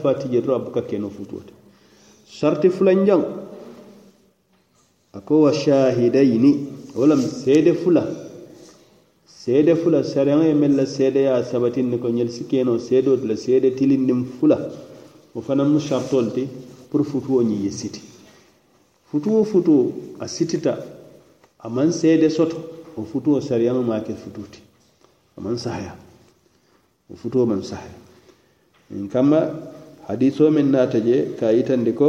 sifati je do abuka keno futuwata sharti fulan jan akowa shahidaini wolam sede fula sede fula sarang e mella sede ya sabatin ni ko nyel sikeno sede la sede tilindim fula o fana mu shartolti pour futuwo ni yesiti futuwo futu a sitita aman sede soto o futuwo sarang ma ke fututi aman sahaya o futuwo man sahaya kamma حديثه من ناتج كايتن ka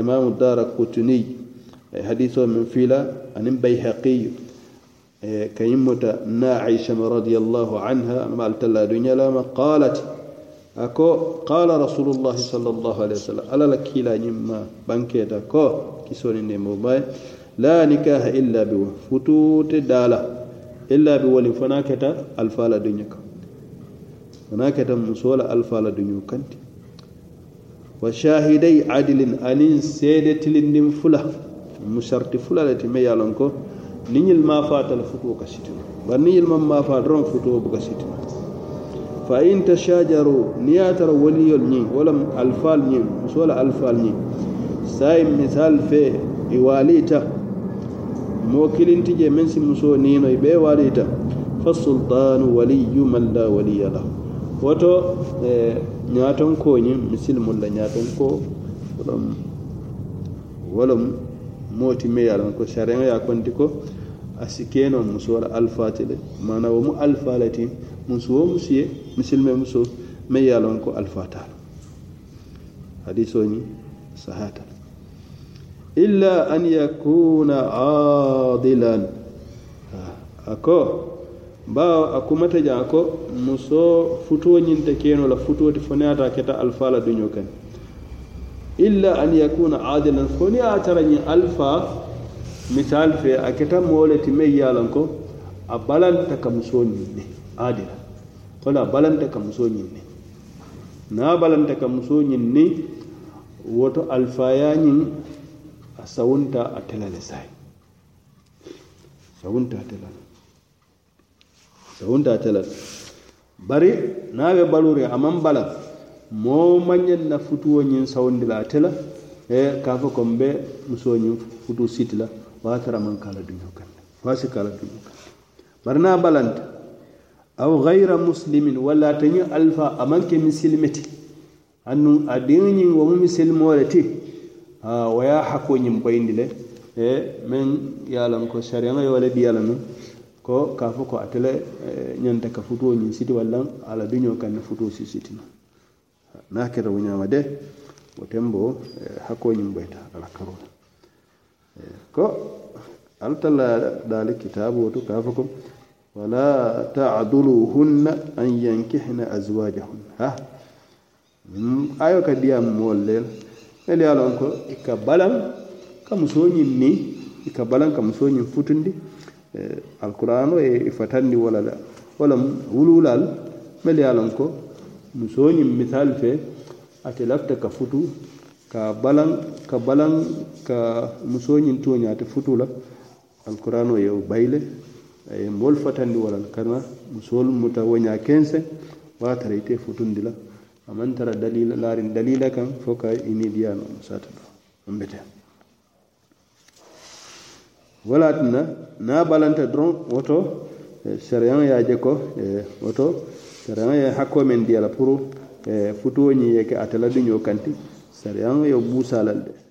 امام الدار قطني حديثه من فيلا ان fila anin ناعش رضي الله عنها ما التلا دنيا لما قالت أكو قال رسول الله صلى الله عليه وسلم ألا لك لا نما بنكيتا كو كيسون موبايل لا نكاح إلا بوا فتوت دالا إلا بوا لفناكتا ألفال دنيا فناكتا مصولة ألفال دنيا كنتي وشاهدي عدل أنين سيدة لنم فلا مشرط فلا التي ما يالنكو نيل ما فات الفكو كسيتنا بنيل ما ما فات رون فتو بكسيتنا فإن تشاجروا نياتر ولي الني ولم الفال ني مسول الفال ني ساي مثال في إواليتا موكلين تجي من سي مسو نينو يبي واليتا فالسلطان ولي من لا ولي له وتو آه، ko koñiŋ misil mulla ñaaton ko wolom walam moti me yaran ko sharen ya kondi ko a si keenoo muso la alifaa ti wo mu alfalati le musu wo musu ye misilime muso meŋ ko alfatal hadiso la sahata illa an yakuna adilan ako bawo a kuma ta ja ko muso futuo ñinta keno la futo ti foneyata keta alfa la dunyo kan illa an yakuna adilan fo a tara ñin alfa misal fe a keta mole ti me yalan ko a balanta ka muso ñin ne adila kono a balanta ka muso ni ne na balanta ka muso ñin ni woto ya ñin a sawunta a telale sayi sawunta a telale ta hunta talar bari na be balure a man bala mo manyan na fito yin sawon dila a tala e kafa kombe muso yin fito sitila wa ta raman kala dunyo kan wa si kala dunyo kan bari na balant aw ghayra muslimin wala ta yin alfa a man ke misilmeti annu a dinin wa mu misilmore ti a waya hakonin bayin dile e men yalan ko shari'a yau wale biyalan ko ka fo ko atele ñanta eh, ka futuo ñiŋ siti walla ala duñoo kaŋ ne futuo si sitina na keta wo ñaama de wo tembo eh, hakkoo ñiŋ boyta ala karo eh, ko alla talla daali kitaaboo to ka fo ko wala taduluhunna an yankihna azwajahunna ha mm, ayo ka diya mool leel ele ye lon ko i ka balaŋ ka musoo ñiŋ ni i ka balaŋ ka musoo ñiŋ futundi alqur'ano e fatandi wala la walam wululal mel yalan ko musoñin misal fe ate lafta ka futu ka balan ka balan ka musoñin toña ate futu la alqur'ano ye bayle e mool fatandi walal kana musol muta woña kense wa tara ite futundi la aman tara dalila laarin dalila kan fo ka imidiyano musata ɗo on mbeten wala tinna na balanta dron woto eh, sariyaŋo ya jeko je eh, ko woto sariyaŋo ya hakko men diya la pour eh, futo ni ye ke dunyo kanti sariyaŋo yo busa lal de